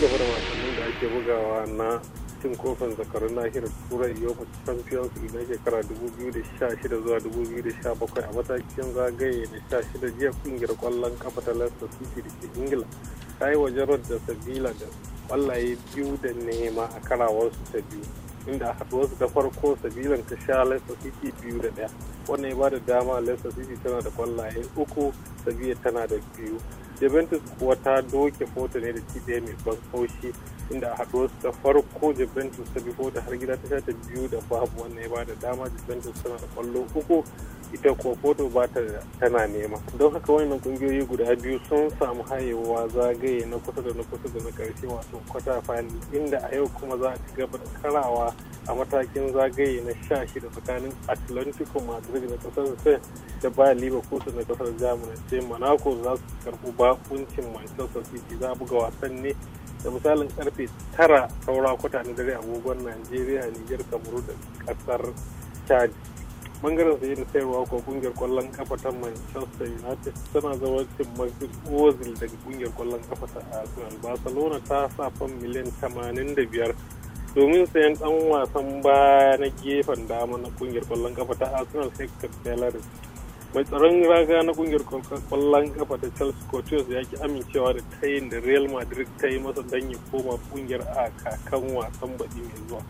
ci da wasannin da ake bugawa na cin kofin zakarun nahiyar turai yofa champions league na shekara 2016 zuwa 2017 a matakin zagaye na 16 jiya kungiyar kwallon kafa ta leicester city da ke ingila ta yi wa jarod da sabila da kwallaye biyu da nema a karawarsu ta biyu inda a haduwarsu ta farko sabilan ta sha leicester city biyu da daya wannan ya ba da dama leicester city tana da kwallaye uku sabila tana da biyu Juventus kuwa ta doke foto ne da ci ɗaya mai ban haushi inda a ta farko Juventus ta bi foto har gida ta sha ta biyu da babu wannan ya ba da dama Juventus tana da kwallo uku ita kuwa foto ba ta tana nema don haka wannan kungiyoyi guda biyu sun samu hayewa zagaye na kusa da na kusa da na karshe wato kwata fali inda a yau kuma za a ci gaba da karawa a matakin zagaye na sha shida tsakanin atlantico madrid na kasar spain da ba liverpool na kasar germany ce monaco za su karɓi bakuncin manchester city za a buga wasan ne da misalin karfe tara saura kwata na dare agogon najeriya niger kamaru da kasar chad bangaren saye da sayarwa ko kungiyar kwallon kafa ta manchester united tana zama martin ozil daga kungiyar kwallon kafa ta arsenal barcelona ta sa fan miliyan biyar domin sayan dan wasan baya na gefen dama na kungiyar kwallon kafa ta arsenal hector bellerin mai tsaron raga na kungiyar kwallon kafa ta chelsea cotios ya ki amincewa da tayin da real madrid ta yi masa don koma kungiyar a kakan wasan baɗi mai zuwa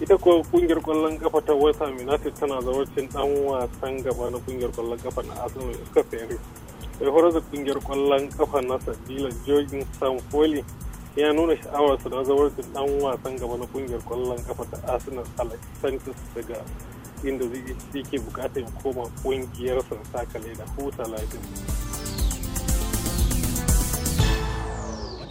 ita ko kungiyar kwallon kafa ta west ham united tana wacin dan wasan gaba na kungiyar kwallon kafa na arsenal iska fere mai horar kungiyar kwallon kafa na sabila jogin Foley ya nuna sha'awarsa da zawarcin dan wasan gaba na kungiyar kwallon kafa ta arsenal alex sanchez daga inda zai ke bukatar koma sa ta kale da huta lafiya